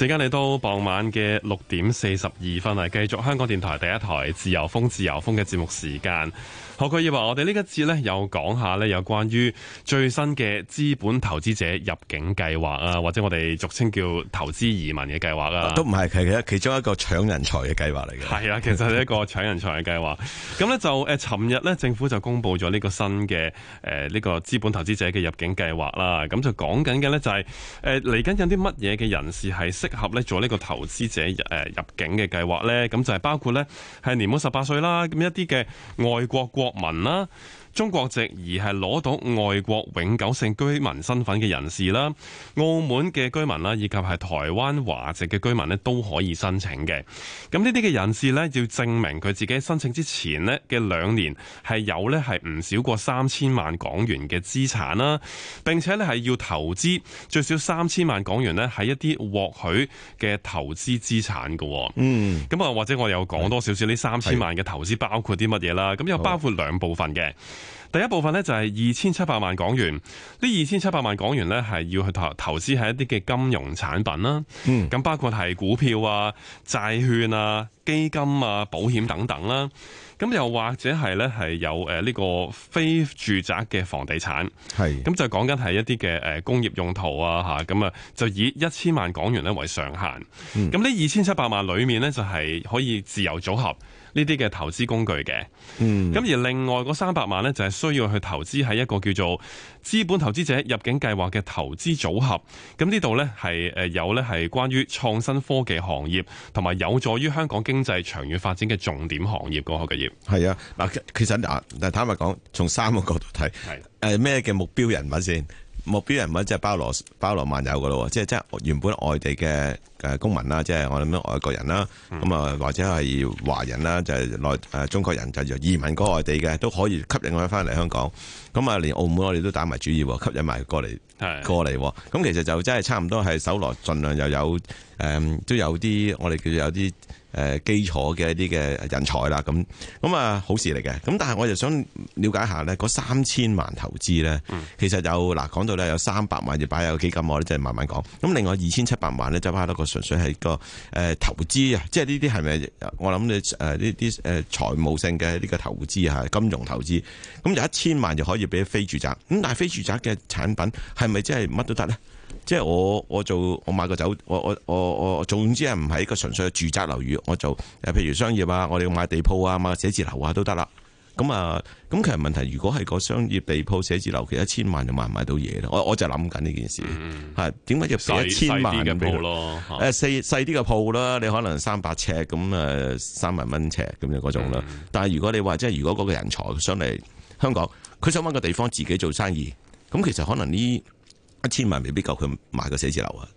時間嚟到傍晚嘅六點四十二分啊，繼續香港電台第一台自由風自由風嘅節目時間。何佢以話：「我哋呢一節呢，又講下呢有關於最新嘅資本投資者入境計劃啊，或者我哋俗稱叫投資移民嘅計劃啊，都唔係係其中一個搶人才嘅計劃嚟嘅。係啊，其實係一個搶人才嘅計劃。咁呢，就誒，尋日呢政府就公布咗呢個新嘅誒呢個資本投資者嘅入境計劃啦。咁就講緊嘅呢，就係誒嚟緊有啲乜嘢嘅人士係識合咧做呢個投資者誒入境嘅計劃咧，咁就係包括咧係年滿十八歲啦，咁一啲嘅外國國民啦、啊。中國籍而係攞到外國永久性居民身份嘅人士啦，澳門嘅居民啦，以及係台灣華籍嘅居民咧都可以申請嘅。咁呢啲嘅人士咧要證明佢自己申請之前呢嘅兩年係有咧係唔少過三千萬港元嘅資產啦，並且咧係要投資最少三千萬港元咧係一啲獲取嘅投資資產噶。嗯，咁啊或者我有講多少少呢三千萬嘅投資包括啲乜嘢啦？咁是又包括兩部分嘅。第一部分咧就係二千七百萬港元，呢二千七百萬港元咧係要去投投資喺一啲嘅金融產品啦，咁、嗯、包括係股票啊、債券啊、基金啊、保險等等啦，咁又或者係咧係有誒呢個非住宅嘅房地產，係咁是 就講緊係一啲嘅誒工業用途啊吓，咁啊就以一千萬港元咧為上限，咁呢二千七百萬裏面咧就係可以自由組合。呢啲嘅投資工具嘅，咁、嗯、而另外嗰三百萬呢，就係需要去投資喺一個叫做資本投資者入境計劃嘅投資組合。咁呢度呢，係有呢係關於創新科技行業同埋有助於香港經濟長遠發展嘅重點行業嗰個嘅業係啊，嗱其實但係坦白講，從三個角度睇，係咩嘅目標人物先？目標人物即係包羅包羅萬有㗎咯，即係即係原本外地嘅。誒公民啦，即係我諗緊外國人啦，咁啊、嗯、或者係華人啦，就係、是、內誒中國人，就移民嗰個外地嘅都可以吸引佢翻嚟香港。咁啊，連澳門我哋都打埋主意吸引埋過嚟，的過嚟。咁其實就真係差唔多係手攞，儘量又有誒，都有啲我哋叫做有啲誒基礎嘅一啲嘅人才啦。咁咁啊好事嚟嘅。咁但係我就想了解一下呢，嗰三千萬投資呢，其實有嗱講到呢，有三百萬就擺有基金我咧，即係慢慢講。咁另外二千七百萬呢，就派多個。純粹係個誒投資啊，即係呢啲係咪？我諗你誒呢啲誒財務性嘅呢個投資啊，金融投資，咁有一千萬就可以俾非住宅。咁但係非住宅嘅產品係咪真係乜都得咧？即係我我做我買個酒，我我我我總之係唔係一個純粹嘅住宅樓宇，我做誒譬如商業啊，我哋要買地鋪啊，買寫字樓啊都得啦。咁啊，咁其實問題是，如果係個商業地鋪寫字樓，其實一千萬就買唔買到嘢咯。我我就諗緊呢件事，係點解要俾一千萬鋪咯？誒，細細啲嘅鋪啦，你可能三百尺咁誒，三萬蚊尺咁樣嗰種啦。嗯、但係如果你話即係，如果嗰個人才上嚟香港，佢想揾個地方自己做生意，咁其實可能呢一千萬未必夠佢買個寫字樓啊。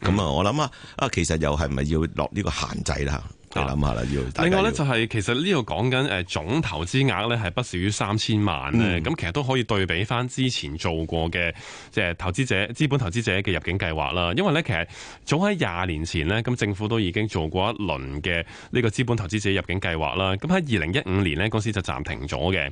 咁啊、嗯，嗯、我諗啊，啊，其實又係咪要落呢個限制啦？諗下啦，要。另外咧，就係其實呢度講緊誒總投資額咧，係不少於三千萬咧。咁、嗯、其實都可以對比翻之前做過嘅，即係投資者、資本投資者嘅入境計劃啦。因為咧，其實早喺廿年前咧，咁政府都已經做過一輪嘅呢個資本投資者入境計劃啦。咁喺二零一五年咧，公司就暫停咗嘅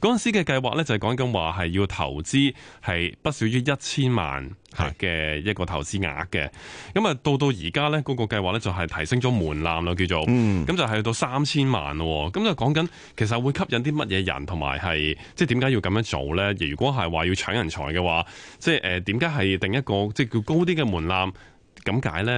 嗰陣時嘅計劃咧，就係講緊話係要投資係不少於一千萬嘅一個投資額嘅，咁啊到到而家咧嗰個計劃咧就係、是、提升咗門檻咯，叫做，咁、嗯、就係到三千萬咯、哦，咁就講緊其實會吸引啲乜嘢人，同埋係即係點解要咁樣做咧？如果係話要搶人才嘅話，即係誒點解係定一個即係叫高啲嘅門檻咁解咧？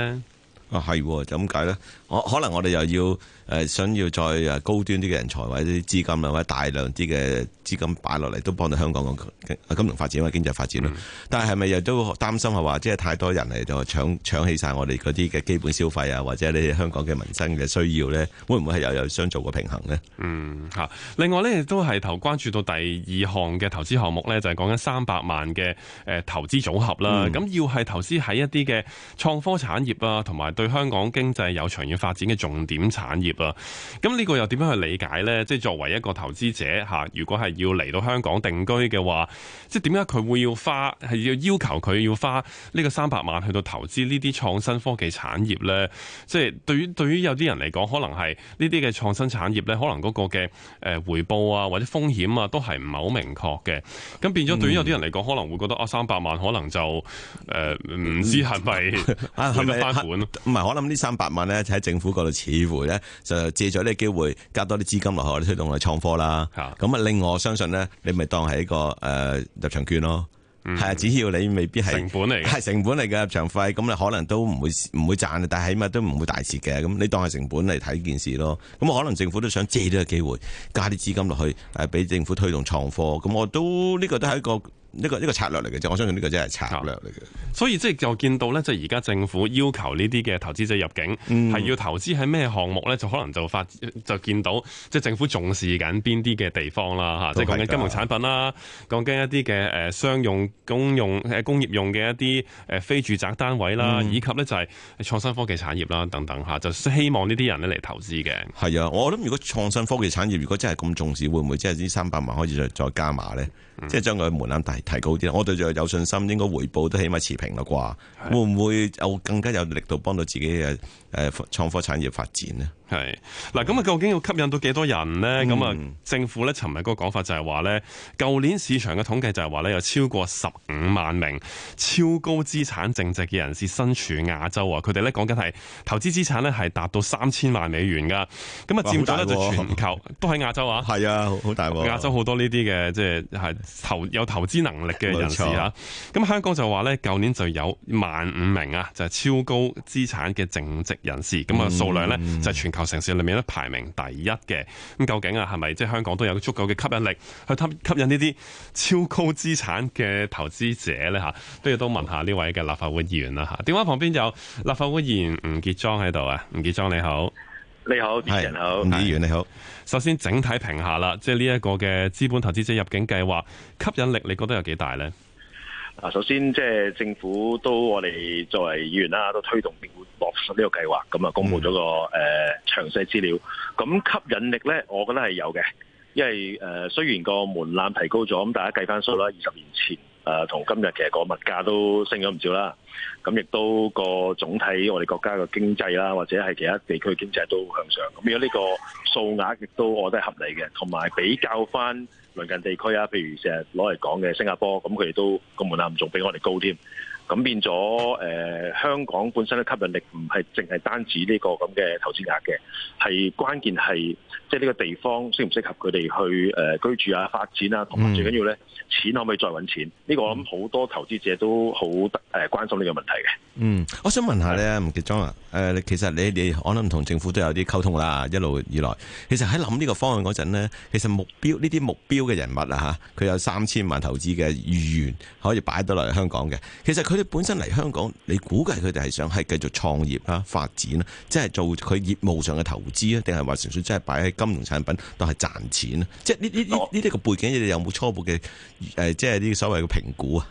啊係，就咁、是、解咧。我可能我哋又要誒想要再高端啲嘅人才或者啲資金啊，或者大量啲嘅資金擺落嚟都幫到香港嘅金融發展或者經濟發展咯。嗯、但係係咪又都擔心係話，即係太多人嚟就搶搶起晒我哋嗰啲嘅基本消費啊，或者你哋香港嘅民生嘅需要咧，會唔會係又有相做個平衡咧？嗯，吓，另外咧亦都係投關注到第二項嘅投資項目咧，就係講緊三百萬嘅誒投資組合啦。咁、嗯、要係投資喺一啲嘅創科產業啊，同埋對香港經濟有長遠。發展嘅重點產業啊，咁呢個又點樣去理解呢？即係作為一個投資者吓，如果係要嚟到香港定居嘅話，即係點解佢會要花，係要要求佢要花呢個三百萬去到投資呢啲創新科技產業呢？即係對於對於有啲人嚟講，可能係呢啲嘅創新產業呢，可能嗰個嘅誒回報啊或者風險啊都係唔係好明確嘅，咁變咗對於有啲人嚟講，可能會覺得啊三百萬可能就誒唔、呃、知係咪係咪翻本唔係，可能呢三百萬呢。政府嗰度似乎咧就借咗呢個機會加多啲資金落去推動去創科啦，咁啊另外，我相信咧你咪當係一個誒入場券咯，係啊，只要你未必係成本嚟，係成本嚟嘅入場費，咁你可能都唔會唔會賺，但係起碼都唔會大蝕嘅，咁你當係成本嚟睇件事咯。咁可能政府都想借呢個機會加啲資金落去，誒俾政府推動創科，咁我都呢個都係一個。一個一個策略嚟嘅啫，我相信呢個真係策略嚟嘅。所以即係就見到咧，就而家政府要求呢啲嘅投資者入境，係、嗯、要投資喺咩項目咧？就可能就發就見到，即、就、係、是、政府重視緊邊啲嘅地方啦，吓，即係講緊金融產品啦，講緊的一啲嘅誒商用、公用、工業用嘅一啲誒非住宅單位啦，嗯、以及咧就係創新科技產業啦等等吓，就希望呢啲人咧嚟投資嘅。係啊，我諗如果創新科技產業如果真係咁重視，會唔會即係呢三百萬可以再加碼咧？嗯、即係將佢門檻大。提高啲，我對仲有信心，應該回報都起碼持平啦啩，是的 會唔會有更加有力度幫到自己嘅誒創科產業發展呢？係嗱，咁啊，究竟要吸引到幾多人呢？咁啊、嗯，政府咧，尋日嗰個講法就係話咧，舊年市場嘅統計就係話咧，有超過十五萬名超高資產淨值嘅人士身處亞,、啊、亞洲啊！佢哋咧講緊係投資資產咧係達到三千萬美元噶。咁啊，佔大咧就全球都喺亞洲啊。係啊，好大喎！亞洲好多呢啲嘅即係投有投資能力嘅人士嚇、啊。咁錯香港就話咧，舊年就有萬五名啊，就係、是、超高資產嘅淨值人士。咁啊，數量咧、嗯、就係全球。球城市裏面咧排名第一嘅。咁究竟啊係咪即係香港都有足夠嘅吸引力去吸吸引呢啲超高資產嘅投資者咧吓？都要都問一下呢位嘅立法會議員啦吓。電話旁邊有立法會議員吳傑莊喺度啊，吳傑莊你好，你好，係，吳議員你好。好你好，首先整體評下啦，即係呢一個嘅資本投資者入境計劃吸引力你覺得有幾大咧？啊，首先即、就是、政府都我哋作為議員啦，都推動並會落實呢個計劃，咁啊公佈咗個誒、嗯呃、詳細資料。咁吸引力咧，我覺得係有嘅，因為誒、呃、雖然個門檻提高咗，咁大家計翻數啦，二十年前誒同、呃、今日其實個物價都升咗唔少啦。咁亦都個總體我哋國家嘅經濟啦，或者係其他地區經濟都向上。咁如果呢個數額亦都我覺得係合理嘅，同埋比較翻。鄰近地區啊，譬如成日攞嚟講嘅新加坡，咁佢哋都個門檻仲比我哋高添。咁變咗誒、呃，香港本身嘅吸引力唔係淨係單止呢個咁嘅投資額嘅，係關鍵係即係呢個地方適唔適合佢哋去誒、呃、居住啊、發展啊，同埋、嗯、最緊要咧錢可唔可以再揾錢？呢、這個我諗好多投資者都好誒、呃、關心呢個問題嘅。嗯，我想問下咧，吳傑莊啊，誒的、啊、其實你哋可能同政府都有啲溝通啦，一路以來。其實喺諗呢個方案嗰陣咧，其實目標呢啲目標嘅人物啊嚇，佢有三千萬投資嘅預願可以擺到落嚟香港嘅。其實佢。佢本身嚟香港，你估計佢哋係想係繼續創業啊、發展啊，即係做佢業務上嘅投資啊，定係話純粹即係擺喺金融產品都係賺錢啊？即係呢啲呢啲個背景，你哋有冇初步嘅誒、呃？即係呢啲所謂嘅評估啊？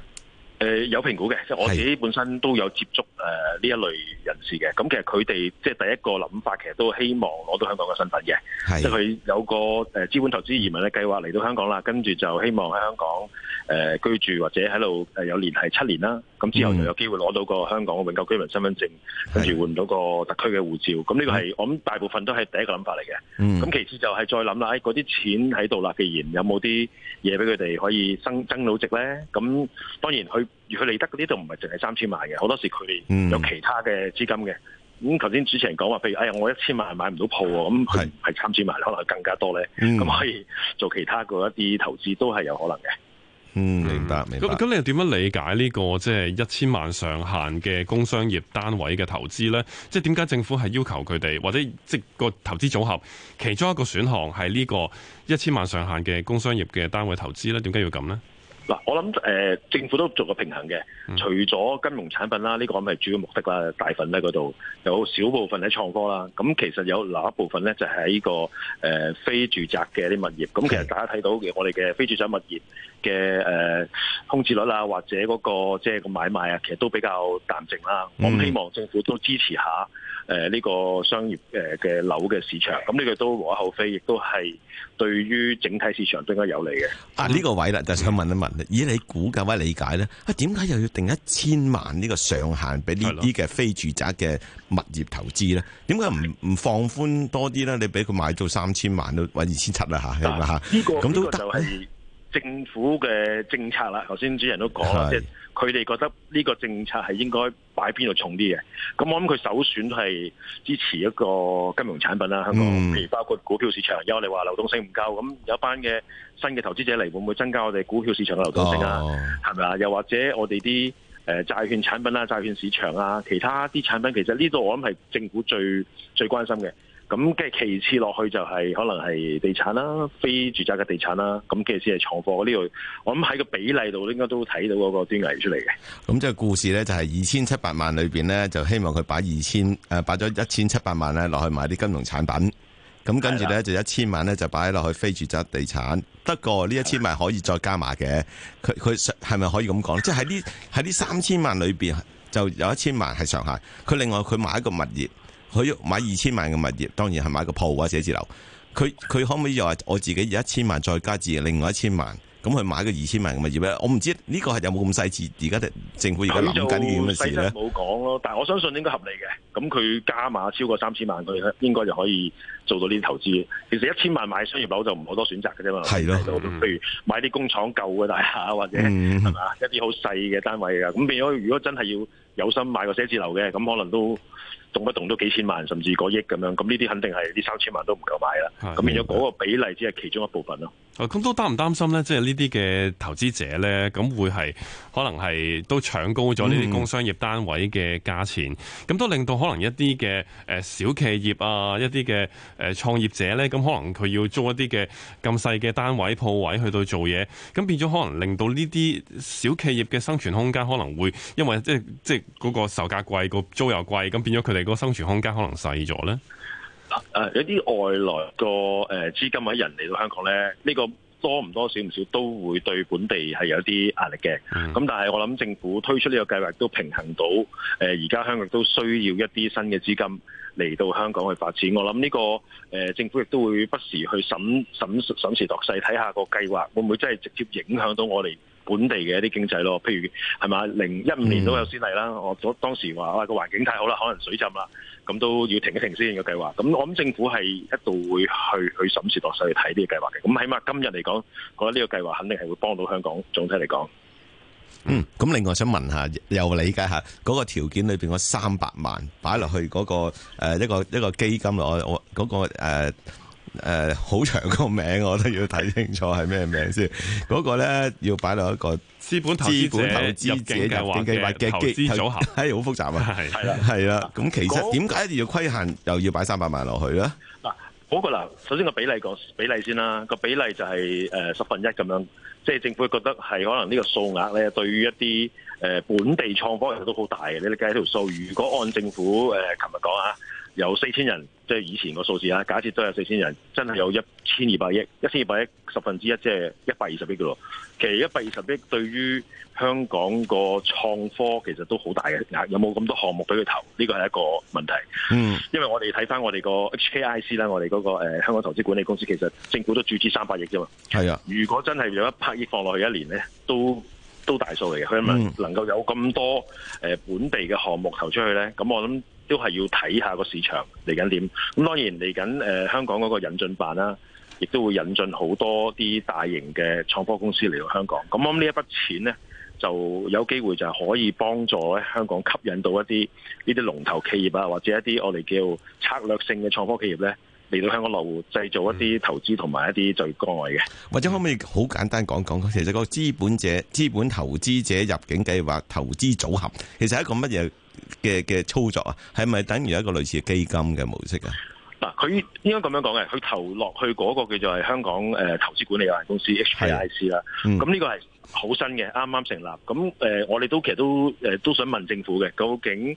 誒、呃、有評估嘅，即係我自己本身都有接觸誒呢一類人士嘅。咁是其實佢哋即係第一個諗法，其實都希望攞到香港嘅身份嘅，是即係佢有個誒資本投資移民嘅計劃嚟到香港啦，跟住就希望喺香港誒居住或者喺度誒有連係七年啦。咁、嗯、之後就有機會攞到個香港永久居民身份證，跟住換到個特區嘅護照。咁呢個係我諗大部分都係第一個諗法嚟嘅。咁、嗯、其次就係再諗啦，嗰啲錢喺度啦，既然有冇啲嘢俾佢哋可以增增到值咧？咁當然佢佢嚟得嗰啲，就唔係淨係三千萬嘅，好多時佢有其他嘅資金嘅。咁頭先主持人講話，譬如呀、哎、我一千萬買唔到鋪喎，咁係三千萬可能更加多咧。咁、嗯、可以做其他嘅一啲投資都係有可能嘅。嗯，明白明白。咁咁、嗯，你又點樣理解呢、這個即係、就是、一千萬上限嘅工商業單位嘅投資呢？即係點解政府係要求佢哋或者即、就是、個投資組合其中一個選項係呢個一千萬上限嘅工商業嘅單位投資呢？點解要咁呢？嗱，我諗誒、呃、政府都做個平衡嘅，除咗金融產品啦，呢、這個係主要目的啦，大份咧嗰度有少部分喺創科啦，咁其實有另一部分咧就喺、這個誒、呃、非住宅嘅啲物業，咁其實大家睇到嘅我哋嘅非住宅物業嘅誒控制率空置率啦，或者嗰個即係個買賣啊，其實都比較淡靜啦，我希望政府都支持下。誒，呢個商業誒嘅樓嘅市場，咁、這、呢個都無可厚非，亦都係對於整體市場都應該有利嘅。啊，呢、這個位啦，就想問一問，以你估計位理解咧，啊，點解又要定一千萬呢個上限俾呢啲嘅非住宅嘅物業投資咧？點解唔唔放寬多啲咧？你俾佢買到三千萬都搵二千七啦吓，係咪吓？咁、這個、都得行。政府嘅政策啦，頭先主人都講啦，是即係佢哋覺得呢個政策係應該擺邊度重啲嘅。咁我諗佢首選係支持一個金融產品啦，香港，譬如包括股票市場，因為我哋話流動性唔夠，咁有一班嘅新嘅投資者嚟，會唔會增加我哋股票市場嘅流動性啊？係咪啊？又或者我哋啲誒債券產品啦、債券市場啊、其他啲產品，其實呢度我諗係政府最最關心嘅。咁嘅其次落去就係可能係地產啦，非住宅嘅地產啦。咁其實先係存貨呢度，我諗喺個比例度應該都睇到嗰個端倪出嚟嘅。咁即係故事呢，就係二千七百萬裏邊呢，就希望佢擺二千誒，擺咗一千七百萬呢落去買啲金融產品。咁跟住呢，的呢，就一千萬呢就擺落去非住宅地產。不過呢一千萬可以再加埋嘅。佢佢係咪可以咁講？即係喺呢喺呢三千萬裏邊就有一千萬係上限。佢另外佢買一個物業。佢要買二千萬嘅物業，當然係買個鋪或者寫字樓。佢佢可唔可以又話，我自己有一千萬再加至另外一千萬，咁去買個二千萬嘅物業咧？我唔知呢個係有冇咁細緻，而家政府而家諗緊呢咁嘅事咧。冇講咯，但係我相信應該合理嘅。咁佢加碼超過三千萬，佢應該就可以。做到呢啲投資，其實一千萬買商業樓就唔好多選擇嘅啫嘛。係咯的，譬、嗯、如買啲工廠舊嘅大廈，或者、嗯、一啲好細嘅單位啊。咁變咗，如果真係要有心買個寫字樓嘅，咁可能都動不動都幾千萬，甚至過億咁樣。咁呢啲肯定係呢三千萬都唔夠買啦。咁的變咗嗰個比例只係其中一部分咯。啊，咁都擔唔擔心呢？即係呢啲嘅投資者呢，咁會係可能係都搶高咗呢啲工商業單位嘅價錢，咁、嗯、都令到可能一啲嘅誒小企業啊，一啲嘅誒創業者呢，咁可能佢要租一啲嘅咁細嘅單位鋪位去到做嘢，咁變咗可能令到呢啲小企業嘅生存空間可能會因為即係即係嗰個售價貴，個租又貴，咁變咗佢哋嗰個生存空間可能細咗呢？啊！有啲外來嘅誒資金或者人嚟到香港咧，呢、這個多唔多少唔少都會對本地係有啲壓力嘅。咁、嗯、但係我諗政府推出呢個計劃都平衡到誒，而、呃、家香港都需要一啲新嘅資金嚟到香港去發展。我諗呢、這個誒、呃、政府亦都會不時去審審審，審時度勢，睇下個計劃會唔會真係直接影響到我哋本地嘅一啲經濟咯。譬如係咪？零一五年都有先例啦。我當時時話啊個環境太好啦，可能水浸啦。咁都要停一停先嘅計劃。咁我諗政府係一度會去去審視落去睇呢個計劃嘅。咁起碼今日嚟講，我覺得呢個計劃肯定係會幫到香港。總體嚟講，嗯，咁另外想問下，又理解下嗰個條件裏邊嗰三百萬擺落去嗰個誒一個一個基金內，我嗰個誒。誒，好、呃、長個名，我都要睇清楚係咩名先。嗰、那個咧要擺落一個資本投資者，者入境嘅環節，投資組合，組合哎，好複雜啊，係啦，係啦。咁其實點解、那個、一定要規限，又要擺三百萬落去咧？嗱、那個，嗰個嗱，首先個比例講個比例先啦，個比例就係、是、誒、呃、十分一咁樣，即、就、係、是、政府覺得係可能個數額呢個數額咧，對於一啲誒、呃、本地創科其實都好大嘅。你計條數，如果按政府誒，琴日講啊。有四千人，即係以前個數字啦。假設都有四千人，真係有一千二百億，一千二百億十分之一即係一百二十億嘅喎。其實一百二十億對於香港個創科其實都好大嘅。有冇咁多項目俾佢投？呢個係一個問題。嗯，因為我哋睇翻我哋個 HKIC 啦，我哋嗰個香港投資管理公司其實政府都注資三百億啫嘛。啊的，如果真係有一百億放落去一年呢，都都大數嚟嘅。佢問、嗯、能夠有咁多、呃、本地嘅項目投出去呢？咁我諗。都係要睇下個市場嚟緊點。咁當然嚟緊、呃、香港嗰個引進辦啦，亦都會引進好多啲大型嘅創科公司嚟到香港。咁我諗呢一筆錢呢，就有機會就係可以幫助咧香港吸引到一啲呢啲龍頭企業啊，或者一啲我哋叫策略性嘅創科企業呢，嚟到香港落戶，製造一啲投資同埋一啲就業崗位嘅。或者可唔可以好簡單講講，其實個資本者、資本投資者入境計劃投資組合，其實係一個乜嘢？嘅嘅操作啊，係咪等於一個類似基金嘅模式啊？嗱，佢應該咁樣講嘅，佢投落去嗰個叫做係香港誒、呃、投資管理有限公司 HPIC 啦，咁呢個係好新嘅，啱啱成立。咁誒、呃，我哋都其實都誒、呃、都想問政府嘅，究竟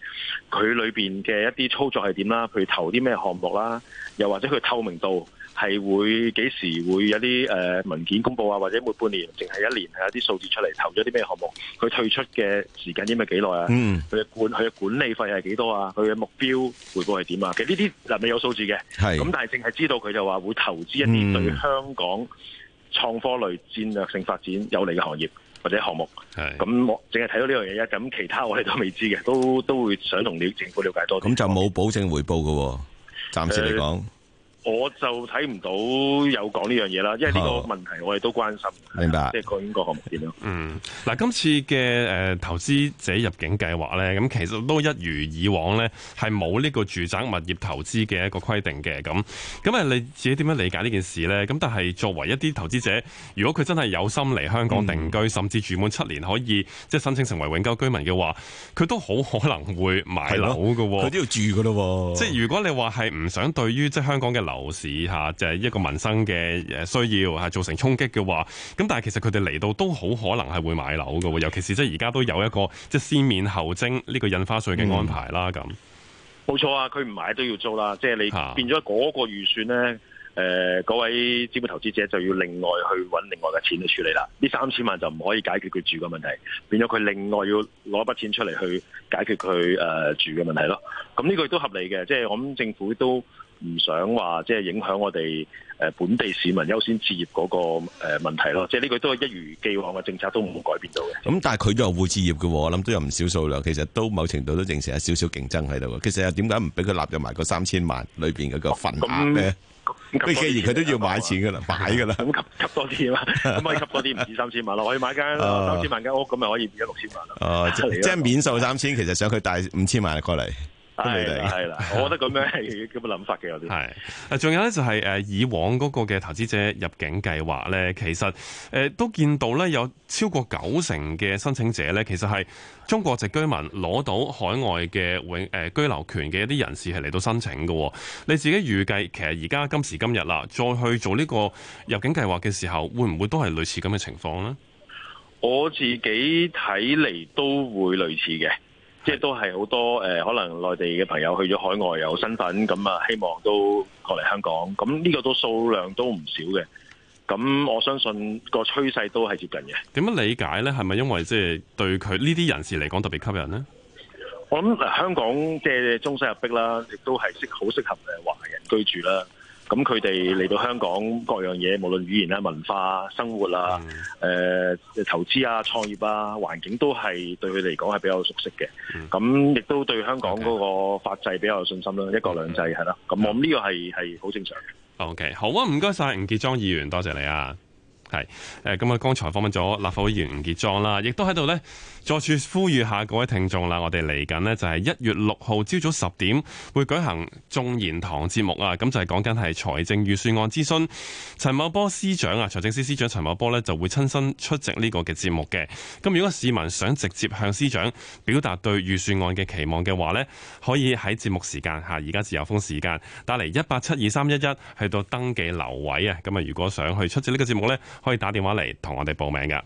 佢裏邊嘅一啲操作係點啦？佢投啲咩項目啦？又或者佢透明度？係會幾時會有啲誒文件，公布啊？或者每半年淨係一年係有啲數字出嚟，投咗啲咩項目？佢退出嘅時間點係幾耐啊？佢嘅、嗯、管佢嘅管理費係幾多啊？佢嘅目標回報係點啊？其實呢啲人未有數字嘅，咁是但係淨係知道佢就話會投資一啲對香港創科類戰略性發展有利嘅行業、嗯、或者項目。咁是，我淨係睇到呢樣嘢，咁其他我哋都未知嘅，都都會想同你政府了解多啲。咁就冇保證回報喎、啊，暫時嚟講、呃。我就睇唔到有講呢樣嘢啦，因為呢個問題我哋都關心，好的明白即係個邊個項目點樣。嗯，嗱，今次嘅、呃、投資者入境計劃咧，咁其實都一如以往咧，係冇呢個住宅物業投資嘅一個規定嘅。咁咁啊，你自己點樣理解呢件事咧？咁但係作為一啲投資者，如果佢真係有心嚟香港定居，嗯、甚至住滿七年可以即係申請成為永久居民嘅話，佢都好可能會買樓嘅喎，佢都要住嘅咯喎。即係如果你話係唔想對於即係香港嘅。樓市吓，就係一個民生嘅嘅需要，係造成衝擊嘅話，咁但係其實佢哋嚟到都好可能係會買樓嘅，尤其是即係而家都有一個即係先免後徵呢個印花稅嘅安排啦，咁冇錯啊，佢唔買都要租啦，即係、啊、你變咗嗰個預算咧，誒、呃，嗰位資本投資者就要另外去揾另外嘅錢去處理啦，呢三千萬就唔可以解決佢住嘅問題，變咗佢另外要攞一筆錢出嚟去解決佢誒、呃、住嘅問題咯，咁呢個亦都合理嘅，即、就、係、是、我諗政府都。唔想話即係影響我哋誒本地市民優先置業嗰個誒問題咯，即係呢個都係一如既往嘅政策，都唔會改變到嘅。咁但係佢都又會置業嘅，我諗都有唔少數量，其實都某程度都形成一少少競爭喺度。其實又點解唔俾佢納入埋嗰三千萬裏邊嗰個份額咧？佢既然佢都要買錢嘅啦，買嘅啦，咁、嗯、吸、嗯、多啲啊嘛，咁可以吸多啲唔止三千萬咯，可以買間三千萬間屋，咁咪可以變咗六千萬咯。即係免受三千，其實想佢帶五千萬過嚟。係，係啦，我覺得咁樣係咁嘅諗法嘅有啲。係，誒，仲有咧就係誒，以往嗰個嘅投資者入境計劃咧，其實誒都見到咧有超過九成嘅申請者咧，其實係中國籍居民攞到海外嘅永誒、呃、居留權嘅一啲人士係嚟到申請嘅。你自己預計其實而家今時今日啦，再去做呢個入境計劃嘅時候，會唔會都係類似咁嘅情況呢？我自己睇嚟都會類似嘅。即係都係好多誒、呃，可能內地嘅朋友去咗海外有身份，咁啊希望都過嚟香港，咁呢個都數量都唔少嘅。咁我相信個趨勢都係接近嘅。點樣理解呢？係咪因為即係對佢呢啲人士嚟講特別吸引呢？我諗、呃、香港即中西合璧啦，亦都係適好適合誒華人居住啦。咁佢哋嚟到香港，各樣嘢無論語言啦、文化、生活啊、誒、嗯呃、投資啊、創業啊，環境都係對佢哋嚟講係比較熟悉嘅。咁、嗯、亦都對香港嗰個法制比較有信心啦。嗯、一國兩制係啦，咁、嗯、我諗呢個係係好正常嘅。OK，好啊，唔該晒吳傑莊議員，多謝你啊。係，誒，咁啊，剛才訪問咗立法會議員吳傑莊啦，亦都喺度呢，再次呼籲下各位聽眾啦。我哋嚟緊呢，就係一月六號朝早十點會舉行眾言堂節目啊，咁就係講緊係財政預算案諮詢。陳茂波司長啊，財政司司長陳茂波呢，就會親身出席呢個嘅節目嘅。咁如果市民想直接向司長表達對預算案嘅期望嘅話呢，可以喺節目時間下，而家自由風時間打嚟一八七二三一一去到登記留位啊。咁啊，如果想去出席呢個節目呢，可以打電話嚟同我哋報名㗎。